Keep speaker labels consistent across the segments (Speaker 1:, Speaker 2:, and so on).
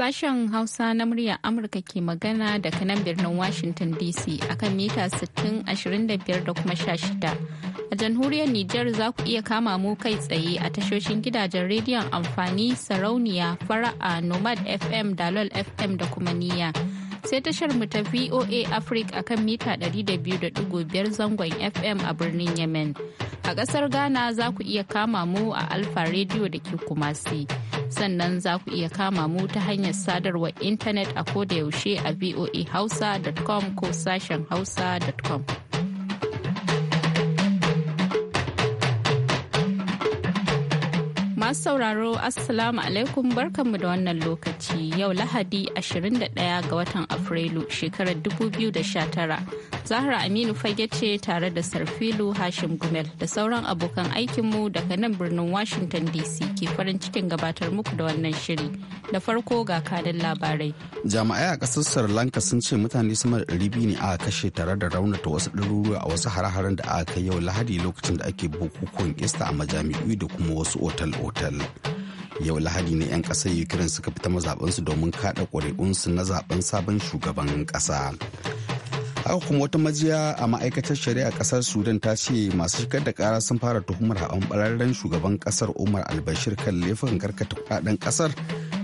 Speaker 1: Sashen Hausa na muryar Amurka ke magana daga nan birnin Washington DC akan mita 6025 da kuma 16. A jamhuriyar Nijar za ku iya kama mu kai tsaye a tashoshin gidajen rediyon amfani sarauniya fara'a Nomad FM Dalol FM da kuma niya Sai tashar mu ta VOA Africa akan mita 200.5 zangon FM a birnin Yemen. A ƙasar Ghana za ku iya kama mu a Alfa Radio da ke Kumasi. sannan za ku iya kama mu ta hanyar sadarwar intanet a ko da yaushe a voahausa.com ko sashen hausa.com. Masu sauraro Assalamu alaikum barkanmu da wannan lokaci yau Lahadi 21 ga watan Afrilu shekarar 2019 Zahra Aminu fage ce tare da Sarfilu Hashim Gumel da sauran abokan aikinmu daga nan birnin Washington DC ke farin cikin gabatar muku da wannan shiri. Da farko ga kanin labarai.
Speaker 2: Jami'ai a ƙasar Sri Lanka sun ce mutane sama da ɗari biyu ne aka kashe tare da raunata wasu ɗaruruwa a wasu hare-haren da aka kai yau Lahadi lokacin da ake bukukuwan easter a majami'u da kuma wasu otal-otal. yau lahadi ne 'yan kasar ukraine suka fita mazaɓinsu domin kada ƙuri'unsu na zaɓen sabon shugaban ƙasa haka kuma wata majiya a ma'aikatar shari'a kasar sudan ta ce masu shigar da kara sun fara tuhumar haɓan ɓararren shugaban kasar umar albashir kan laifukan karkata kudaden kasar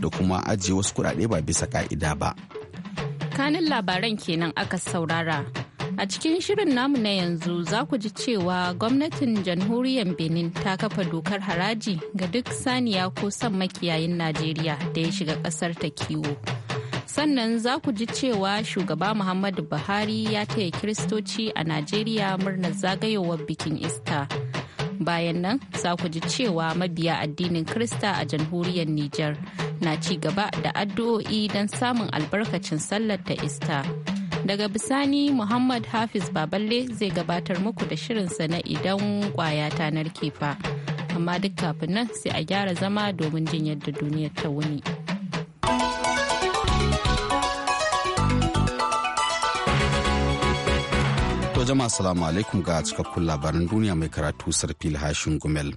Speaker 2: da kuma ajiye wasu kudade ba bisa ka'ida ba
Speaker 1: kanin labaran kenan aka saurara a cikin shirin namu na yanzu za ku ji cewa gwamnatin jamhuriyar benin ta kafa dokar haraji ga duk saniya ko son makiyayin najeriya da ya shiga kasar ta kiwo sannan za ku ji cewa shugaba muhammadu buhari ya taya kiristoci a najeriya murnar zagayowar bikin ista bayan nan za ku ji cewa mabiya addinin krista a jamhuriyar niger na ci gaba da addu'o'i don samun albarkacin sallar ta ista daga bisani muhammad hafiz baballe zai gabatar muku da shirinsa na idan kwaya ta narke fa amma duk kafin nan sai a gyara zama domin jin yadda duniyar ta wuni.
Speaker 2: jama'a salamu alaikum ga cikakkun labaran duniya mai karatu sarfil hashin gumel.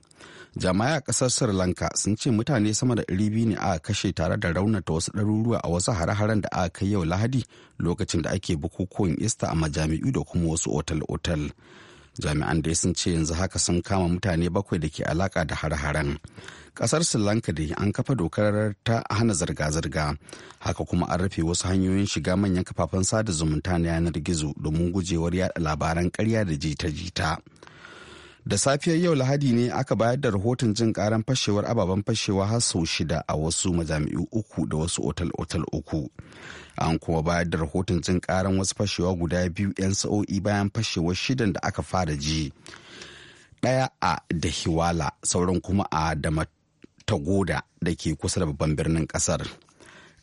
Speaker 2: jama'a a ƙasar sri lanka sun ce mutane sama da ɗari biyu ne aka kashe tare da raunata wasu ɗaruruwa a wasu hare-haren da aka kai yau lahadi lokacin da ake bukukuwan ista a majami'u da kuma wasu otal-otal jami'an dai sun ce yanzu haka sun kama mutane bakwai da ke alaka da hare-haren kasar sri lanka dai an kafa dokar ta hana zirga-zirga haka kuma an rufe wasu hanyoyin shiga manyan kafafen sada zumunta na yanar gizo domin gujewar yada labaran karya da jita-jita da safiyar yau lahadi ne aka bayar da rahoton jin karan fashewar ababen fashewa har sau shida a wasu majami'u uku da wasu otal-otal uku an kuma bayar da rahoton jin karan wasu fashewa guda biyu 'yan sa'o'i bayan fashewar shidan da aka fara ji daya a da hiwala sauran kuma a damat tagoda da ke kusa da babban birnin kasar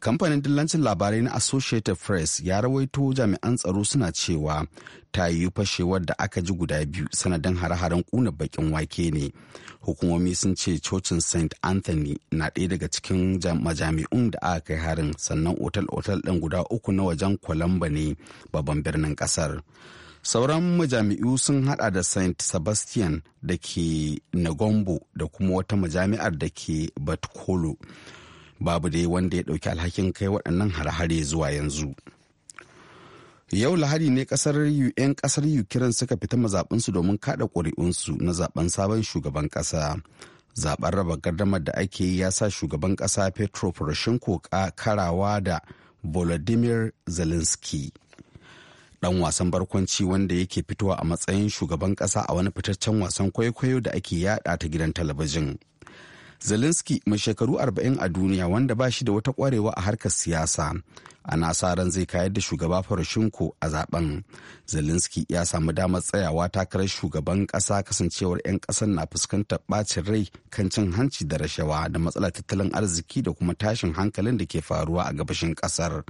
Speaker 2: kamfanin dillancin labarai na associated press ya rawaito jami'an tsaro suna cewa ta yi fashewar da aka ji guda biyu sanadin hare-haren kuna bakin wake ne hukumomi sun ce cocin st anthony na ɗaya daga cikin majami'un da aka kai harin sannan otal-otal ɗin guda uku na wajen Kwalamba ne babban birnin ƙasar. sauran majami'u sun hada da saint sebastian da ke nagombo da kuma wata majami'ar da ke batkolo babu dai wanda ya dauki alhakin kai waɗannan harhare zuwa yanzu yau lahadi ne kasar un kasar ukraine suka fita mazaɓinsu domin kada ƙuri'unsu na zaben sabon shugaban ƙasa zaben raba gardamar da ake yi ya sa shugaban ƙasa petro poroshenko karawa da volodymyr zelensky dan wasan barkwanci wanda yake fitowa a matsayin shugaban kasa a wani fitaccen wasan kwaikwayo da ake yada ta gidan talabijin. Zelensky mai shekaru 40 a duniya wanda ba shi da wata kwarewa a harkar siyasa ana sa ran zai kayar da shugaba Poroshenko a zaben. Zelensky ya samu damar tsayawa takarar shugaban kasa kasancewar 'yan kasan na fuskantar bacin rai kan cin hanci da rashawa da matsalar tattalin arziki da kuma tashin hankalin da ke faruwa a gabashin kasar.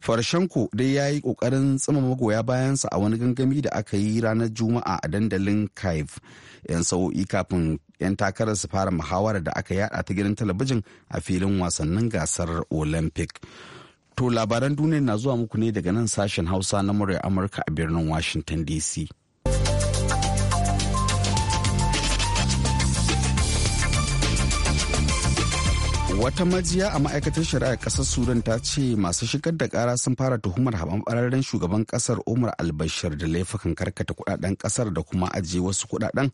Speaker 2: farshenko dai ya yi ƙoƙarin tsima magoya bayansa a wani gangami da aka yi ranar Juma'a a dandalin Kyiv. 'Yan sa'o'i kafin 'yan takarar su fara muhawarar da aka yada ta gidan talabijin a filin wasannin gasar Olympic. To labaran duniya na zuwa muku ne daga nan sashen Hausa na murya Amurka a birnin Washington DC. wata majiya a ma'aikatar shari'a kasar sudan ta ce masu shigar da kara sun fara tuhumar haɓarɓararren shugaban kasar umar albashir da laifukan karkata kudaden kasar da kuma ajiye wasu kudaden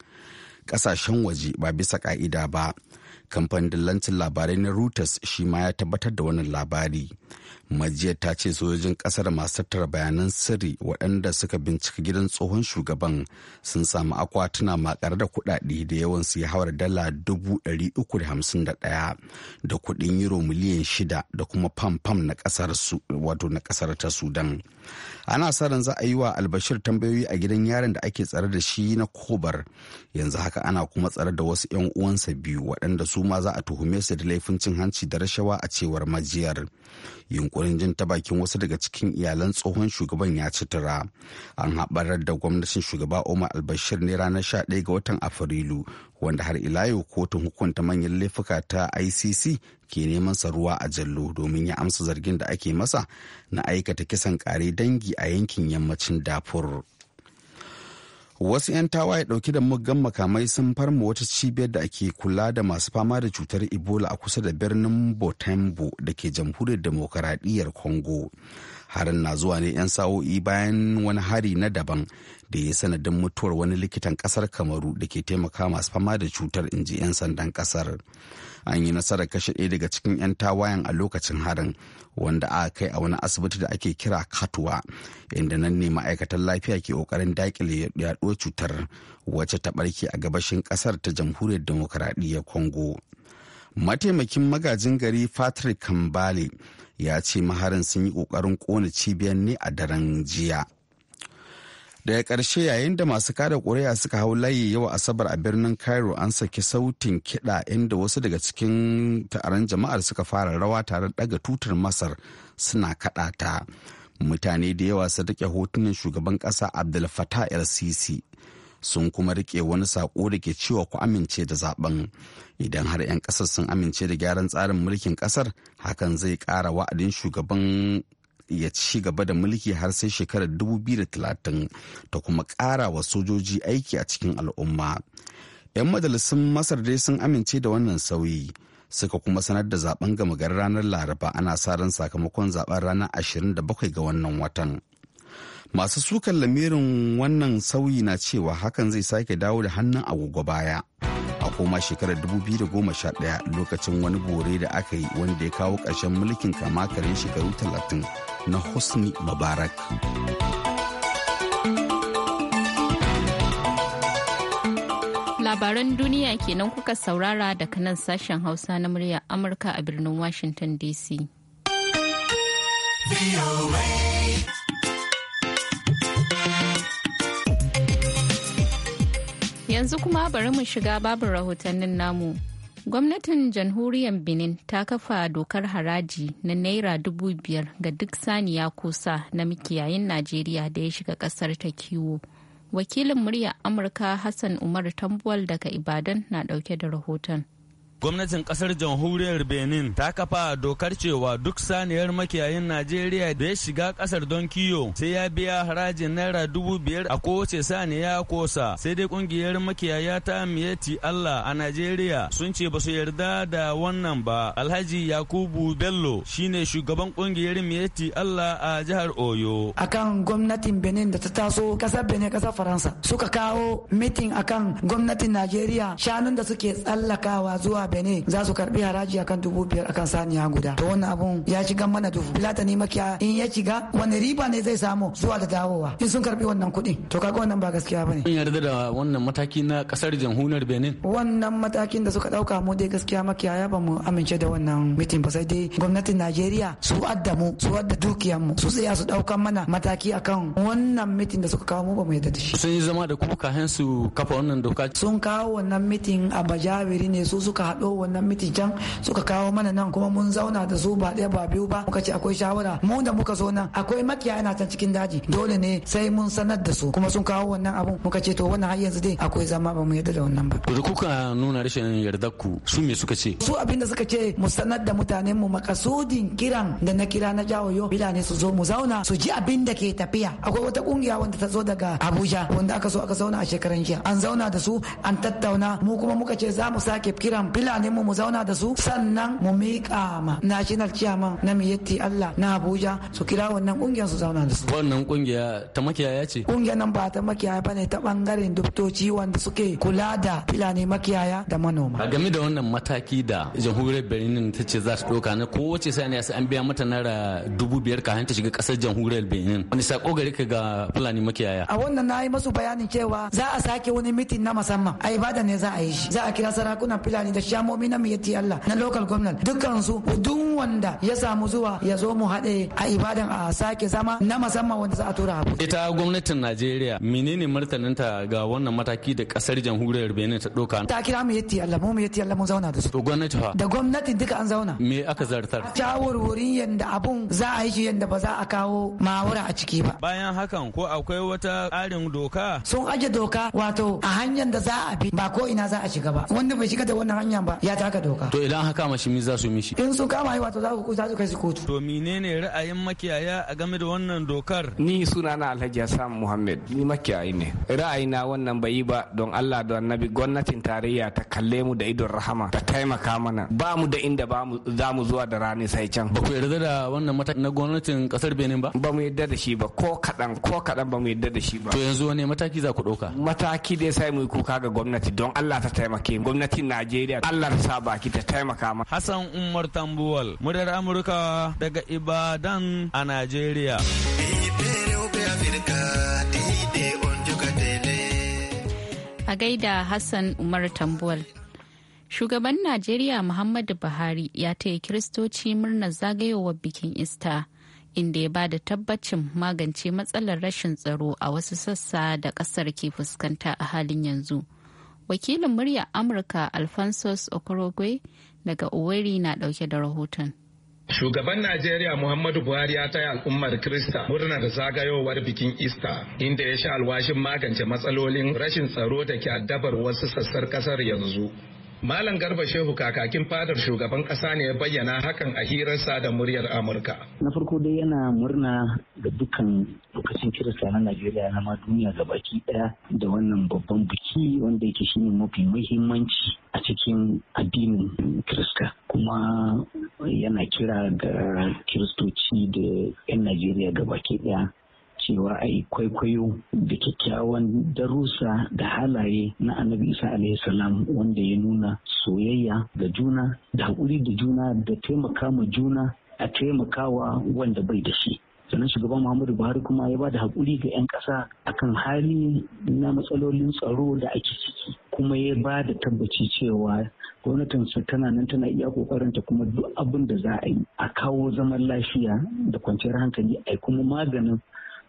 Speaker 2: kasashen waje ba bisa ka'ida ba kamfanin dillancin labarai na reuters shi ma ya tabbatar da wannan labari majiya ta ce sojojin kasar masu tattara bayanan sirri waɗanda suka bincika gidan tsohon shugaban sun samu akwatuna makar da kuɗaɗe da yawan su ya hawar dala dubu ɗari uku da hamsin da ɗaya da kuɗin euro miliyan shida da kuma fam fam na ƙasar wato na ƙasar ta sudan ana sa ran za a yi wa albashir tambayoyi a gidan yaron da ake tsare da shi na kobar yanzu haka ana kuma tsare da wasu 'yan uwansa biyu waɗanda su ma za a tuhume su da laifin cin hanci da rashawa a cewar majiyar yunkurin jin ta bakin wasu daga cikin iyalan tsohon shugaban ya ci tura an haɓarar da gwamnatin shugaba omar albashir ne ranar 11 ga watan afrilu wanda har ila yau kotun hukunta manyan laifuka ta icc ke neman sa ruwa a jallo domin ya amsa zargin da ake masa na aikata kisan ƙare dangi a yankin yammacin dafur. wasu 'yan tawaye dauke da muggan makamai sun farma wata cibiyar da ake kula da masu fama da cutar ebola a kusa da birnin botembo da ke jamhuriyar demokaradiyyar congo harin na zuwa ne 'yan sa'o'i bayan wani hari na daban da ya sanadin mutuwar wani likitan kasar kamaru da ke taimaka masu fama da cutar inji 'yan sandan kasar an yi nasarar kashe ɗaya daga cikin 'yan tawayen a lokacin harin wanda aka kai a wani asibiti da ake kira katuwa inda nan ne ma'aikatan lafiya ke ƙoƙarin daƙile yaɗuwar cutar wacce ta ɓarke a gabashin ƙasar ta jamhuriyar demokaradiyyar congo mataimakin magajin gari patrick kambale ya ce maharin sun yi ƙoƙarin ƙona cibiyar ne a daren jiya daga ƙarshe yayin da masu kada ƙuri'a suka hau layi yau asabar a birnin cairo an saki sautin kiɗa inda wasu daga cikin taron jama'ar suka fara rawa tare daga tutar masar suna kaɗa ta mutane da yawa su rike hotunan shugaban ƙasa abdul Fattah el sisi sun kuma rike wani saƙo da ke cewa ku amince da zaben idan har 'yan ƙasar sun amince da gyaran tsarin mulkin ƙasar hakan zai ƙara wa'adin shugaban ya ci gaba da mulki har sai shekarar 2030 ta kuma ƙara wa sojoji aiki a cikin al'umma. 'Yan majalisun Masar dai sun amince da wannan sauyi. suka kuma sanar da zaben gama gari ranar laraba ana sa ran sakamakon zaben ranar 27 ga wannan watan masu sukan lamirin wannan sauyi na cewa hakan zai sake dawo da hannun agogo baya. koma shekarar 2011 lokacin wani bore da aka yi wanda ya kawo ƙarshen mulkin kama karin shekaru 30 na hosni mubarak
Speaker 1: labaran duniya kenan kuka saurara daga nan sashen hausa na muryar amurka a birnin washington dc Yanzu kuma bari mu shiga babin rahotannin namu. Gwamnatin jamhuriyar Benin ta kafa dokar haraji na Naira dubu biyar ga duk saniya kusa na mikiyayin Najeriya da ya shiga kasar ta kiwo. Wakilin murya Amurka Hassan Umar Tambuwal daga Ibadan na dauke da rahoton.
Speaker 3: Gwamnatin kasar jamhuriyar Benin ta kafa dokar cewa duk saniyar makiyayin Najeriya da ya shiga kasar don kiyo sai ya biya harajin naira dubu biyar a kowace saniya kosa sai dai ƙungiyar makiyaya ta miyeti Allah a Najeriya sun ce ba su yarda da wannan ba. Alhaji Yakubu Bello shine shugaban ƙungiyar miyeti Allah a jihar Oyo.
Speaker 4: Akan gwamnatin Benin da ta taso kasar Benin kasar Faransa suka kawo mitin akan gwamnatin Najeriya shanun da suke tsallakawa zuwa jiha benin za su karbi haraji akan dubu biyar akan saniya guda to wannan abun ya shiga mana dubu filatani makiya in ya shiga wani riba ne zai samu zuwa da dawowa in sun karbi wannan kuɗi to kaga wannan ba gaskiya bane
Speaker 3: kun yarda da wannan mataki na kasar jamhuriyar benin
Speaker 4: wannan matakin da suka dauka mu dai gaskiya ya ba mu amince da wannan mitin ba sai dai gwamnatin najeriya su adda mu su adda dukiyar mu su tsaya su dauka mana mataki akan wannan mitin da suka kawo mu ba mu yarda da
Speaker 3: shi sun yi zama da kuka hansu kafa wannan doka sun
Speaker 4: kawo wannan mitin a bajawiri ne su suka haɗo wannan miti can suka kawo mana nan kuma mun zauna da su ba ɗaya ba biyu ba muka ce akwai shawara mu da muka zo nan akwai makiya na can cikin daji dole ne sai mun sanar da su kuma sun kawo wannan abun muka ce to wannan har yanzu dai akwai zama ba mu yarda da wannan ba.
Speaker 3: Da kuka nuna rashin yarda ku su me suka ce? Su
Speaker 4: abin da suka ce mu sanar da mutanen mu makasudin kiran da na kira na jawo yo bila ne su zo mu zauna su ji abin da ke tafiya. Akwai wata kungiya wanda ta zo daga Abuja wanda aka so aka zauna a shekaran jiya. An zauna da su an tattauna mu kuma muka ce za mu sake kiran fulani mu mu zauna da su sannan mu miƙa ma national chairman na Miyetti Allah na Abuja su kira wannan kungiyar su zauna da su wannan kungiya ta makiyaya ce kungiyar nan ba ta makiyaya bane ta bangaren doktoci wanda suke kula da fulani makiyaya da manoma a
Speaker 3: game da wannan mataki da jamhuriyar Benin ta ce za ta doka na kowace sai ne an biya mata naira dubu biyar kafin ta shiga kasar jamhuriyar Benin wani sako gari ka ga fulani makiyaya a
Speaker 4: wannan na yi masu bayanin cewa za a sake wani mitin na musamman a ibada ne za a yi shi za a kira sarakunan fulani da shamomi na miyatti Allah na local government dukkan su duk wanda ya samu zuwa ya zo mu haɗe a ibadan a sake zama na musamman wanda za a tura abu.
Speaker 3: Ita gwamnatin Najeriya menene martaninta ga wannan mataki da kasar jamhuriyar Benin ta doka? Ta
Speaker 4: kira mu yatti Allah mu yatti Allah mun zauna da su. gwamnati fa? Da gwamnati duka an zauna.
Speaker 3: Me aka zartar?
Speaker 4: Shawarwarin yanda abun za a yi shi yanda ba za a kawo mawura a ciki ba. Bayan
Speaker 3: hakan ko akwai wata tsarin doka? Sun
Speaker 4: aje doka wato a hanyar da za a bi ba ko ina za a shiga ba. Wanda bai shiga da wannan hanya ba ya taka doka
Speaker 3: to idan haka mashi mi za su mishi in su kama yi wato za su za su kai su kotu to menene ra'ayin makiyaya a game da wannan dokar ni suna
Speaker 5: na Alhaji Hassan Muhammad ni makiyayi ne na wannan bai yi ba don Allah da Annabi gwamnatin tarayya ta kalle mu da idon rahama ta taimaka mana ba mu da inda ba mu za mu zuwa da rani sai can ba
Speaker 3: ku yarda da wannan matakin na gwamnatin kasar Benin ba ba mu yarda da shi ba ko kadan ko kadan ba mu yarda da shi ba to yanzu wani mataki za ku dauka mataki dai sai mu kuka ga gwamnati don Allah ta taimake mu gwamnatin Najeriya Allah ta sa baki ta taimaka ma. Hassan Umar Tambuwal, muryar Amurka daga Ibadan a Najeriya.
Speaker 1: A gaida Hassan Umar Tambuwal. Shugaban Najeriya Muhammadu Buhari ya taya Kiristoci murnar zagayowar bikin Ista, inda ya ba da tabbacin magance matsalar rashin tsaro a wasu sassa da ƙasar ke fuskanta a halin yanzu. wakilin murya amurka alphonsus okorogwe daga uweri na dauke da rahoton.
Speaker 6: Shugaban Najeriya Muhammadu Buhari ya taya al'ummar Krista murnar zagayowar bikin Ista, inda ya sha alwashin magance matsalolin rashin tsaro da ke addabar wasu sassar kasar yanzu. Malam Garba Shehu kakakin fadar shugaban kasa ne ya bayyana hakan a hirarsa da muryar Amurka.
Speaker 5: Na farko dai yana murna da dukkan lokacin kirista na Najeriya na ma duniya ga baki daya da wannan babban biki wanda yake shine mafi muhimmanci a cikin addinin Kirista. Kuma yana kira ga kiristoci da 'yan Najeriya ga baki daya cewa a yi kwaikwayo da kyakkyawan darussa da halaye na annabi isa alaihi wanda ya nuna soyayya ga juna da haƙuri da juna da taimaka ma juna a taimakawa wanda bai da shi sannan shugaban muhammadu buhari kuma ya ba da haƙuri ga 'yan ƙasa akan hali na matsalolin tsaro da ake ciki kuma ya ba da tabbaci cewa gwamnatinsa tana nan tana iya ta kuma duk abin da za a yi a kawo zaman lafiya da kwanciyar hankali a kuma maganin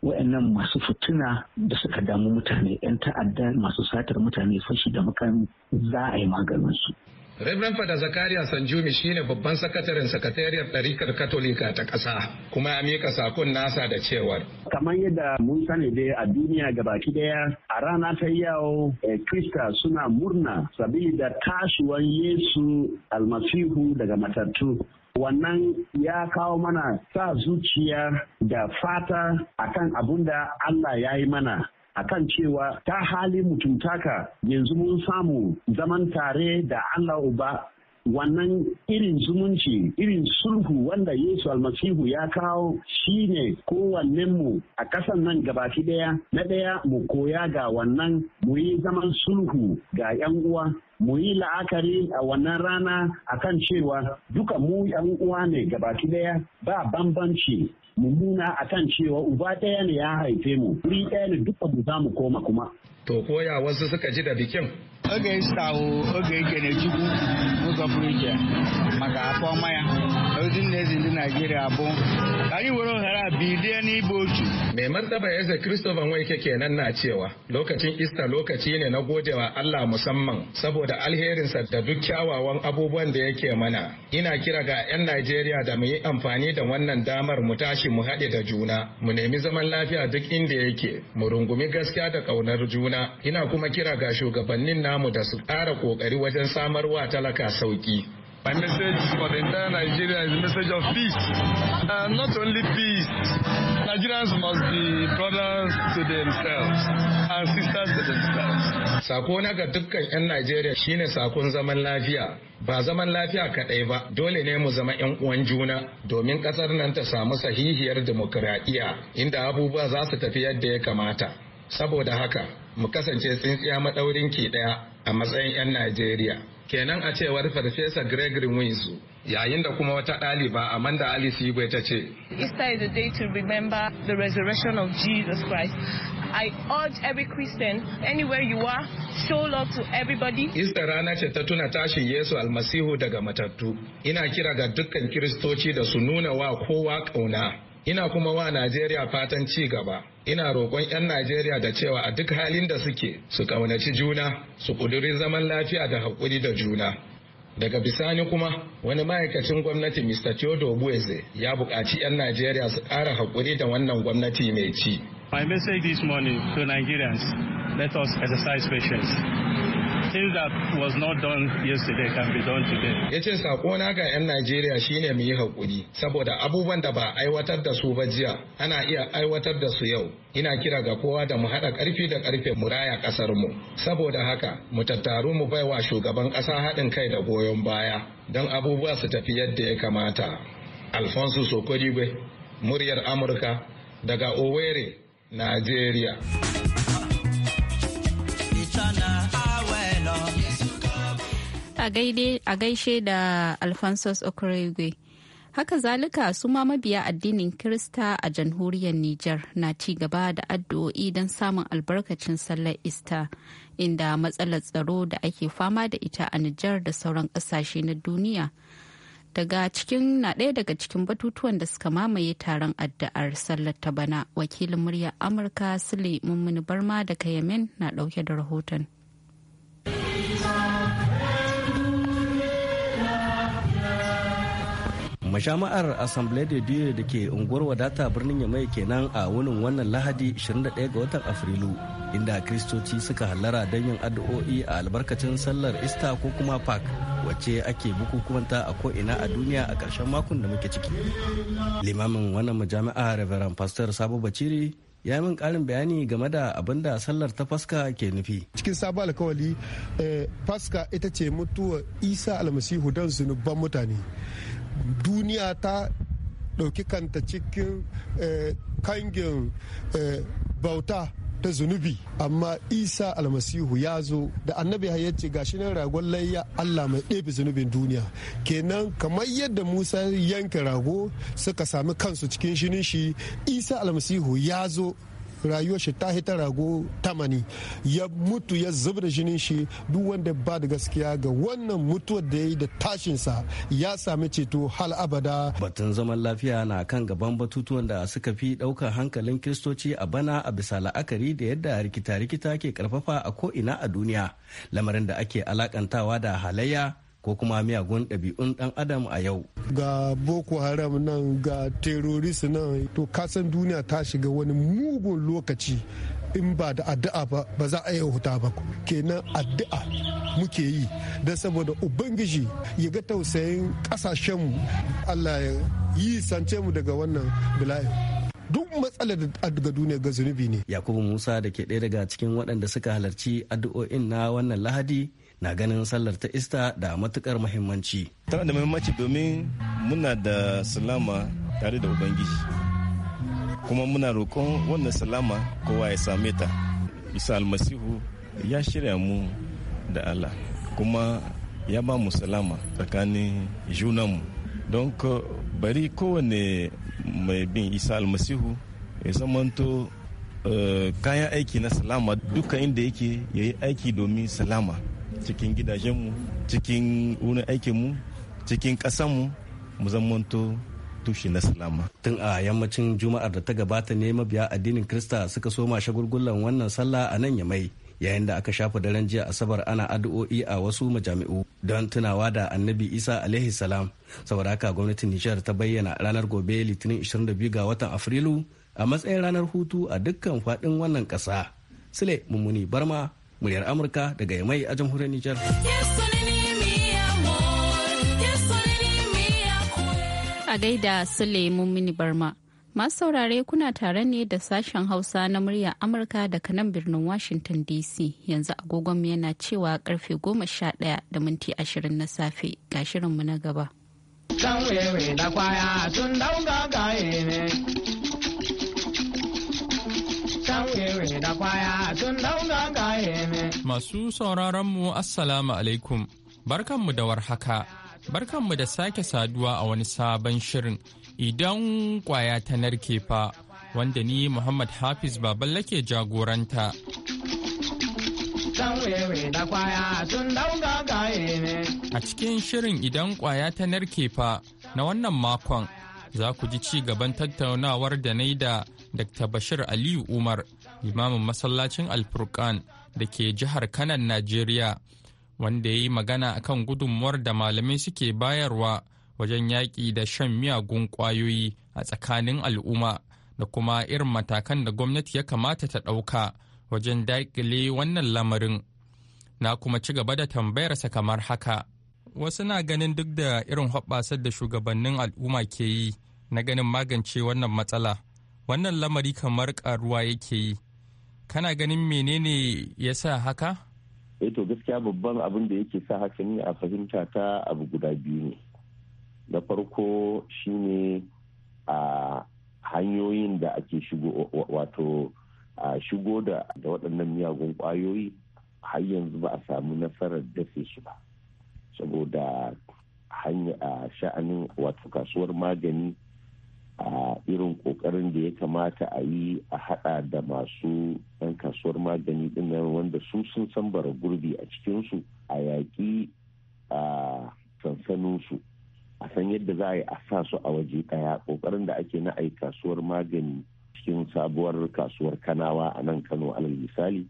Speaker 5: wa'annan masu fituna da suka damu mutane 'yan ta'adda masu satar mutane fashi da makami za a yi maganin su.
Speaker 6: Reverend Fada Zakariya Sanjumi shine babban sakataren sakatariyar ɗarikar Katolika ta ƙasa kuma ya mika sakon nasa da cewar.
Speaker 7: Kamar yadda mun sani dai a duniya ga baki ɗaya a rana ta yawo eh, Krista suna murna sabida da tashuwan Yesu almasihu daga matattu wannan ya kawo mana sa zuciya da fata akan abun da Allah ya yi mana akan cewa ta hali mutuntaka yanzu mun samu zaman tare da Allah uba wannan irin zumunci irin sulhu wanda Yesu almasihu ya kawo shi shine kowannenmu a ƙasan nan gabaki ɗaya na ɗaya mu koya ga wannan mu yi zaman sulhu ga 'yan uwa mu yi la'akari a wannan rana akan cewa duka mu yan uwa ne gabaki daya ba bambanci mummuna kan cewa uba ɗaya ne ya haife mu wuri ɗaya ne duka mu za mu koma kuma. To koya
Speaker 6: wasu suka ji da bikin. Oge sawo oge ikene chukwu n'ụzọ pụrụ iche maka afọ ọma ya ozi nna ezi ndị Naijiria abụ anyị were ohere a bilie n'ịbụ otu. Mai martaba Eze Christopher Nwaike kenan na cewa lokacin Ista lokaci ne na godewa Allah musamman saboda alherinsa da duk kyawawan abubuwan da yake mana. Ina kira ga 'yan Najeriya da mu yi amfani da wannan damar mu tashi mu haɗe da juna mu nemi zaman lafiya duk inda yake mu rungumi gaskiya da ƙaunar juna ina kuma kira ga shugabannin namu da su ƙara ƙoƙari wajen samarwa talaka sauki My message for the entire Nigeria is a message of peace. And not only peace, Nigerians must be brothers to themselves and sisters to themselves. Sako na ga dukkan 'yan Najeriya shine sakon zaman lafiya. Ba zaman lafiya kaɗai ba, dole ne mu zama 'yan uwan juna domin ƙasar nan ta samu sahihiyar demokuraɗiyya inda abubuwa za su tafi yadda ya kamata. Saboda haka, mu kasance tsintsiya maɗaurin ki ɗaya a matsayin 'yan Najeriya. kenan a cewar farfesa gregory winsu yayin da kuma wata ɗaliba amanda alice igwe ta ce
Speaker 4: easter is a day to remember the resurrection of jesus
Speaker 6: christ I urge every Christian, anywhere you are, show love to everybody. Easter rana ce ta tuna tashin Yesu almasihu daga matattu. Ina kira ga dukkan Kiristoci da su nuna wa kowa ƙauna. Ina kuma wa Najeriya fatan ci gaba. Ina roƙon 'yan Najeriya da cewa a duk halin da suke su ƙaunaci juna, su ƙuduri zaman lafiya da haƙuri da juna. Daga bisani kuma wani ma'aikacin gwamnati Mr. Theodore Bueze ya buƙaci 'yan Najeriya su ƙara haƙuri da wannan gwamnati mai ci. My
Speaker 5: message this morning to Nigerians, let us exercise patience. things that was not done yesterday can be done today. Ya
Speaker 6: ce sakona ga 'yan Najeriya shine mu yi haƙuri saboda abubuwan da ba a aiwatar da su ba jiya ana iya aiwatar da su yau. Ina kira ga kowa da mu haɗa ƙarfi da ƙarfe mu raya ƙasar mu. Saboda haka mu tattaru mu bai wa shugaban ƙasa haɗin kai da goyon baya don abubuwa su tafi yadda ya kamata. Alfonso Sokorigwe, muryar Amurka daga Owerri, Najeriya.
Speaker 1: a gaishe da alphonsus Okoregwe. haka zalika su ma mabiya addinin kirista a jamhuriyar nijar na ci gaba da addu'o'i don samun albarkacin sallar ista inda matsalar tsaro da ake fama da ita a nijar da sauran kasashe na duniya daga cikin na ɗaya daga cikin batutuwan da suka mamaye taron addu'ar sallar ta bana wakilin muryar amurka sule mummuni barma daga yemen na ɗauke da rahoton
Speaker 5: mashama'ar Assemblée de Dieu da ke unguwar wadata birnin Yamai kenan a wunin wannan Lahadi 21 ga watan Afrilu inda kiristoci suka hallara don yin addu'o'i a albarkacin sallar easter ko kuma Park wacce ake bukukuwanta a ko'ina a duniya a ƙarshen makon da muke ciki. Limamin wannan majami'a Reverend Pastor Sabo Baciri ya min karin bayani game da abin da sallar ta faska ke nufi.
Speaker 8: Cikin sabon alkawali faska eh, ita ce mutuwa Isa almasihu don zunuban mutane. duniya ta ɗauki kanta cikin eh, kangin eh, bauta ta zunubi amma isa almasihu ya zo da annabi ya ce gashi nan ragon layya allah mai ɗebe zunubin duniya kenan kamar yadda musa yanke rago suka sami kansu cikin shinin shi isa almasihu ya zo rayuwar shi ta hita rago tamani ya mutu ya zubar jinin shi duk wanda ba da gaskiya ga wannan mutuwar da ya yi da tashinsa ya sami ceto hal abada
Speaker 5: batun zaman lafiya na kan gaban batutuwan da suka fi ɗaukar hankalin kiristoci a bana a bisa la'akari da yadda rikita-rikita ke karfafa a ko ina a duniya lamarin da ake alakantawa da halayya ko kuma miyagun ɗabi'un ɗan adam a yau.
Speaker 8: Ga Boko Haram nan ga terrorist nan to kasan duniya ta shiga wani mugun lokaci in ba da addu'a ba ba za a yi huta ba kenan addu'a muke yi don saboda ubangiji ya ga tausayin kasashenmu allah ya yi sance mu daga wannan bala'i duk matsalar daga duniya ga zunubi
Speaker 5: ne yakubu musa da ke ɗaya daga cikin waɗanda suka halarci addu'o'in na wannan lahadi na ganin sallar ta ista da matukar muhimmanci. Tana da muhimmanci domin muna da salama tare da Ubangiji. Kuma muna rokon wannan salama kowa ya same ta. Isa almasihu ya shirya mu da Allah. Kuma ya ba mu salama tsakanin junanmu. Don bari kowane mai bin Isa almasihu ya zamanto eh, kayan aiki na salama duka inda yake ya yi aiki domin salama. cikin gidajenmu cikin wurin aikinmu cikin ƙasanmu mu zamanto tushe na salama. Tun a yammacin Juma'ar da ta gabata ne mabiya addinin Krista suka soma shagulgullan wannan sallah a nan Yamai. Yayin da aka shafa daren jiya Asabar ana addu'o'i a wasu majami'u don tunawa da Annabi Isa alaihi salam. Saboda haka gwamnatin Nijar ta bayyana ranar gobe Litinin 22 ga watan Afrilu a matsayin ranar hutu a dukkan faɗin wannan ƙasa. Sule Mummuni Barma muryar amurka daga yamai a jamhuriyar nijar
Speaker 1: a gaida sule mini barma masu saurare kuna tare ne da sashen hausa na muryar amurka daga nan birnin washington dc yanzu agogon yana cewa karfe 11 da minti 20 na safe ga shirinmu na gaba
Speaker 5: dan wewe da
Speaker 1: kwaya
Speaker 3: tun dauga gaye ne dan wewe
Speaker 9: Masu sauraronmu Assalamu alaikum, barkanmu da warhaka, barkanmu da sake saduwa a wani sabon shirin idan kwaya ta narke fa wanda ni Muhammad Hafiz Baballa ke jagoranta. A cikin shirin idan kwaya ta narke fa na wannan makon za ku ji ci gaban tattaunawar da na da Dr. Bashir Aliyu Umar, limamin masallacin Alfurkan da ke jihar kanan najeriya wanda ya yi magana kan gudunmuwar da malamai suke bayarwa wajen yaƙi da shan miyagun ƙwayoyi a tsakanin al'umma da kuma irin matakan da gwamnati ya kamata ta ɗauka wajen daƙile wannan lamarin na kuma ci gaba da tambayarsa kamar haka wasu na ganin duk da irin hoɓɓasar da shugabannin al'umma ke yi na ganin magance wannan matsala wannan lamari kamar ƙaruwa yake yi kana ganin menene ya sa haka?
Speaker 7: eh to gaskiya babban abin da yake sa haka ne a fahimta ta abu guda biyu ne na farko shine a hanyoyin da ake shigo wato a shigo da waɗannan miyagun ƙwayoyi har yanzu ba a samu nasarar dafe shi ba saboda hanya a sha'anin wato kasuwar magani a irin kokarin da ya kamata a yi a hada da masu yan kasuwar magani dinnan wanda su sun san bara gurbi a cikinsu a yaƙi a sansaninsu a san yadda za a yi a sa su a waje ɗaya kokarin da ake na ai kasuwar magani cikin sabuwar kasuwar kanawa a nan kano alal misali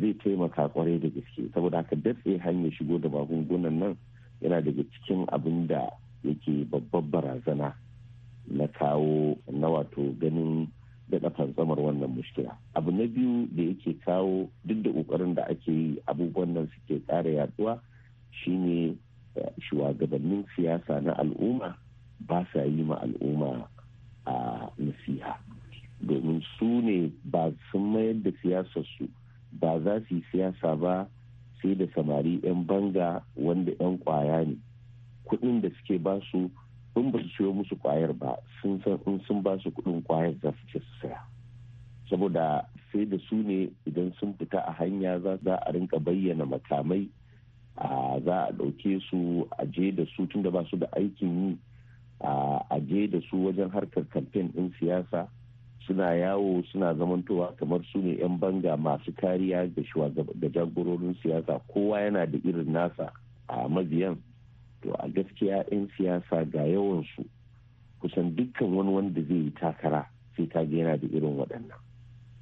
Speaker 7: zai taimaka kwarai da gaske saboda haka datse hanyar shigo da magungunan nan yana daga cikin abin da yake babbar barazana na kawo na wato ganin daɗa fantsamar wannan mushkila abu na biyu da yake kawo duk da ƙoƙarin da ake yi abubuwan nan suke ƙara yaduwa shine eh, shugabannin siyasa na al'umma ba sa yi ma al'umma a nasiha domin su ne ba sun mayar da siyasarsu ba za su yi siyasa ba sai da samari 'yan banga wanda 'yan kwaya ne kuɗin da suke ba su in ba su siyo musu kwayar ba sun san in sun ba su kudin kwayar za su ce su saya saboda sai da su ne idan sun fita a hanya za a rinka bayyana makamai a za a ɗauke su a je da su tunda ba su da aikin yi a je da su wajen harkar kamfen ɗin siyasa suna yawo suna zamantowa kamar su ne 'yan banga masu kariya ga jagororin siyasa kowa yana da irin nasa a mabiyan to a gaskiya 'yan siyasa ga yawansu kusan dukkan wani wanda zai yi takara sai ta yana da irin waɗannan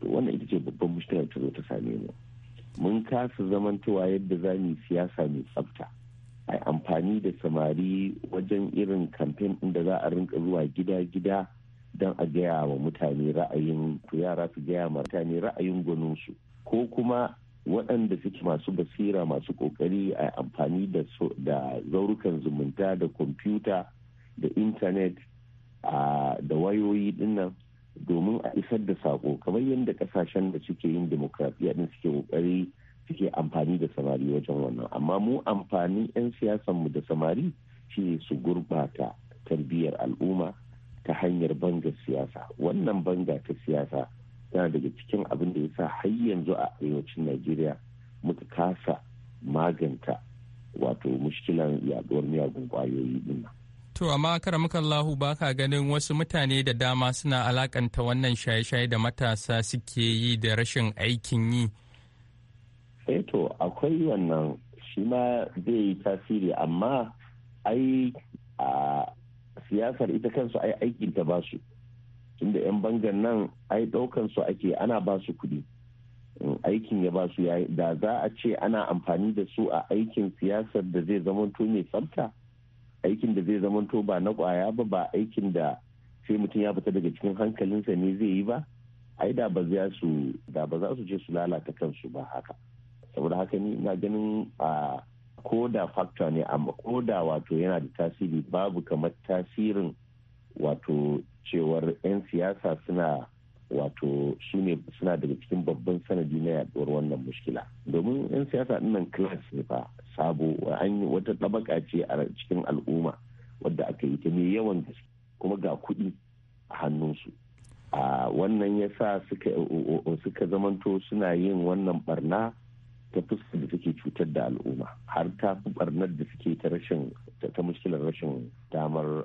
Speaker 7: to wannan ita ce babban mushtarar ta zo ta same mu mun kasa zamantowa yadda za mu siyasa mai tsafta a amfani da samari wajen irin kamfen da za a rinka zuwa gida-gida don a gaya wa mutane ra'ayin to yara su gaya ma mutane ra'ayin gwaninsu ko kuma waɗanda suke masu basira masu ƙoƙari a amfani da zaurukan zumunta da kwamfuta da intanet da wayoyi dinnan domin a isar da sako kamar yadda kasashen da suke yin demokrafiya din suke ƙoƙari suke amfani da samari wajen wannan amma mu amfanin 'yan siyasanmu da samari shi su gurbata tarbiyyar al'umma ta hanyar banga siyasa wannan banga ta siyasa yana daga cikin abin da ya sa har yanzu a arewacin najeriya muka kasa maganta wato mushkilan yaduwar miyagun kwayoyi din
Speaker 9: To amma karamukallahu ba ka ganin wasu mutane da dama suna alakanta wannan shaye-shaye da matasa suke yi da rashin aikin yi.
Speaker 7: sai eh to akwai wannan shi ma zai yi tasiri amma ai a siyasar ita kansu ai aikin ta ba su tunda 'yan bangan nan ai ɗaukan su ake ana ba su kuɗi aikin ya ba su yayi da za a ce ana amfani da su a aikin siyasar da zai zamanto mai tsafta aikin da zai zamanto ba na kwaya ba ba aikin da sai mutum ya fita daga cikin hankalinsa ne zai yi ba ai da ba za su da ba za su je su lalata kansu ba haka saboda haka ni na ganin a ko factor ne amma ko wato yana da tasiri babu kamar tasirin wato cewar 'yan siyasa suna wato su ne suna daga cikin babban sanadi na yaduwar wannan mushkila domin 'yan siyasa dinnan class ne fa sabo wata tabaka ce a cikin al'umma wadda aka yi ta mai yawan gaske kuma ga kuɗi a hannunsu a wannan ya sa suka zamanto suna yin wannan barna ta fuskar da take cutar da al'umma har ta fi barnar da suke ta rashin ta mushkilar rashin damar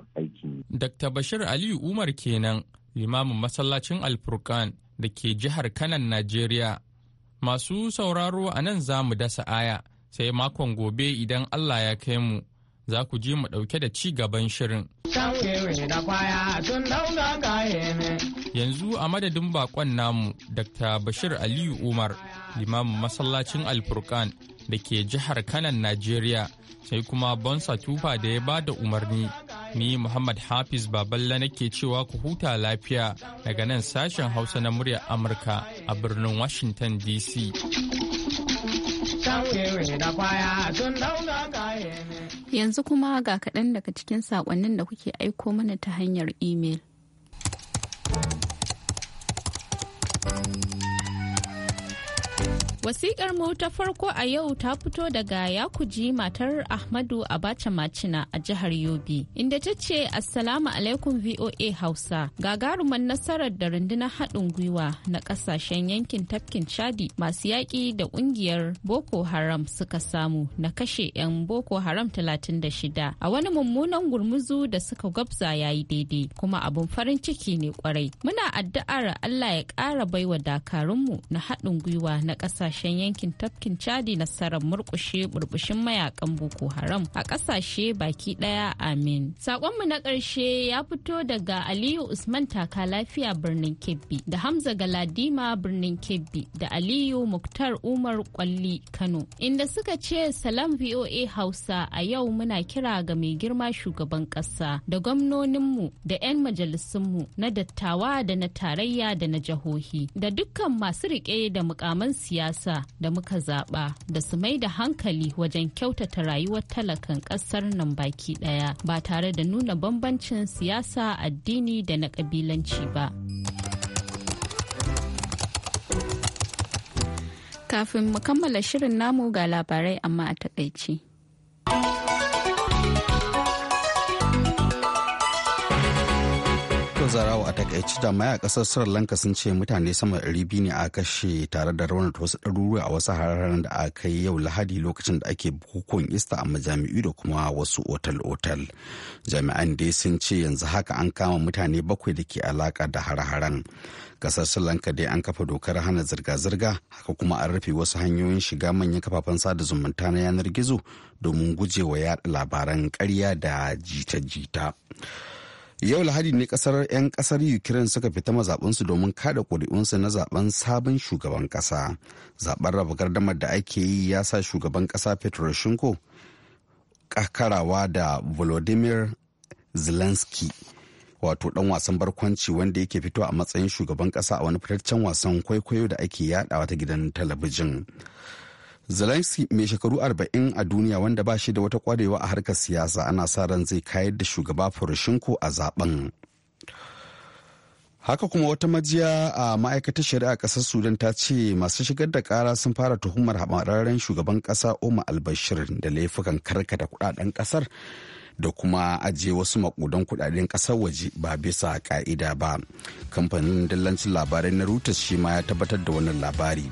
Speaker 9: Dr. Bashir Aliyu Umar kenan, limamin masallacin Alfurkan da ke jihar Kanan, Najeriya. Masu sauraro a nan za mu dasa aya, sai makon gobe idan Allah ya kai mu. Za ku ji mu ɗauke da ci gaban shirin. Yanzu a madadin bakon namu, Dr. Bashir Aliyu Umar, limamin masallacin Alfurkan da ke jihar Kanan, Najeriya, sai kuma Bonsa Tufa da ya ba da umarni. Ni Muhammad Hafiz Baballa nake cewa ku huta lafiya daga nan sashen Hausa na muryar Amurka a birnin Washington DC.
Speaker 1: Yanzu kuma ga kaɗan daga cikin saƙonnin da kuke aiko mana ta hanyar imel. Wasiƙar mu ta farko a yau ta fito daga Yakuji matar Ahmadu Abacha Macina a jihar Yobe, inda ta ce Assalamu alaikum VOA Hausa. Gagarumar nasarar da rundunar haɗin gwiwa na ƙasashen yankin tafkin Chadi masu yaƙi da ƙungiyar Boko Haram suka samu na kashe 'yan Boko Haram 36 a wani mummunan gurmuzu da suka gwabza yayi daidai kuma abin farin ciki ne kwarai. Muna addu'ar Allah ya ƙara baiwa dakarunmu na haɗin gwiwa na ƙasa kasashen yankin tafkin chadi nasarar murkushe burbushin mayakan boko haram a kasashe baki daya amin sakonmu na karshe ya fito daga aliyu usman taka lafiya birnin kebbi da hamza galadima birnin kebbi da aliyu muktar umar kwalli kano inda suka ce salam voa hausa a yau muna kira ga mai girma shugaban kasa da gwamnoninmu da 'yan majalisunmu na dattawa da na tarayya da na jihohi da dukkan masu riƙe da mukaman siyasa siyasa da muka zaɓa da su mai da hankali wajen kyautata rayuwar talakan ƙasar nan baki ɗaya ba tare da nuna bambancin siyasa addini da na kabilanci ba. Kafin mu kammala shirin namu ga labarai amma a takaici.
Speaker 2: To zarawa a takaici jami'ai a kasar Sri Lanka sun ce mutane sama da biyu ne a kashe tare da raunata wasu ɗaruruwa a wasu hararen da aka yi yau Lahadi lokacin da ake bukukuwan Ista a majami'u da kuma wasu otal-otal. Jami'an dai sun ce yanzu haka an kama mutane bakwai da ke alaka da har Kasar Sri Lanka dai an kafa dokar hana zirga-zirga haka kuma an rufe wasu hanyoyin shiga manyan kafafen sada zumunta na yanar gizo domin gujewa yaɗa labaran ƙarya da jita-jita. yau lahadi ne kasar 'yan kasar ukraine suka fita mazaɓinsu domin kada ƙuri'unsu na zaben sabon shugaban ƙasa zaben raba gardamar da ake yi ya sa shugaban ƙasa petroshenko kakarawa da volodymyr zelensky wato dan wasan barkwanci wanda yake fito a matsayin shugaban ƙasa a wani fitaccen wasan kwaikwayo da ake yaɗawa ta gidan talabijin Zelensky mai shekaru 40 a duniya wanda ba shi da wata kwarewa a harkar siyasa ana sa ran zai kayar da shugaba Poroshenko a zaben. Haka kuma wata majiya a ma'aikatar shari'a ƙasar Sudan ta ce masu shigar da ƙara sun fara tuhumar hamararren shugaban ƙasa Omar al-Bashir da laifukan karkata kuɗaɗen ƙasar da kuma ajiye wasu makudan kuɗaɗen ƙasar waje ba bisa ƙa'ida ba. Kamfanin dillancin labarai na Reuters shi ma ya tabbatar da wannan labari.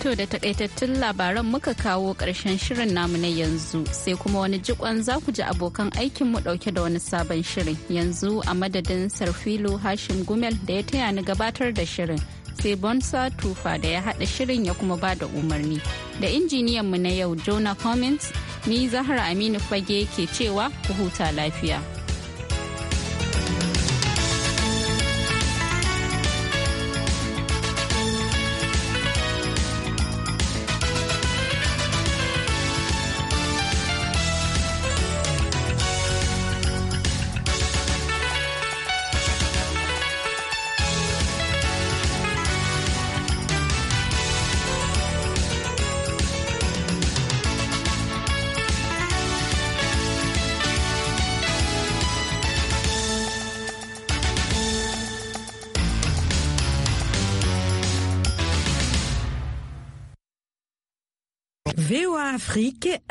Speaker 1: To da takaitattun labaran muka kawo ƙarshen shirin namu na yanzu sai kuma wani jikon za ku ji abokan aikin mu ɗauke da wani sabon shirin yanzu a madadin Sarfilo Hashim Gumel da ya taya ni gabatar da shirin sai Bonsa Tufa da ya haɗa shirin ya kuma ba da umarni. Da injiniyan mu na yau jona Cummins ni Zahra Aminu Fage ke cewa ku huta lafiya.
Speaker 4: Afrique.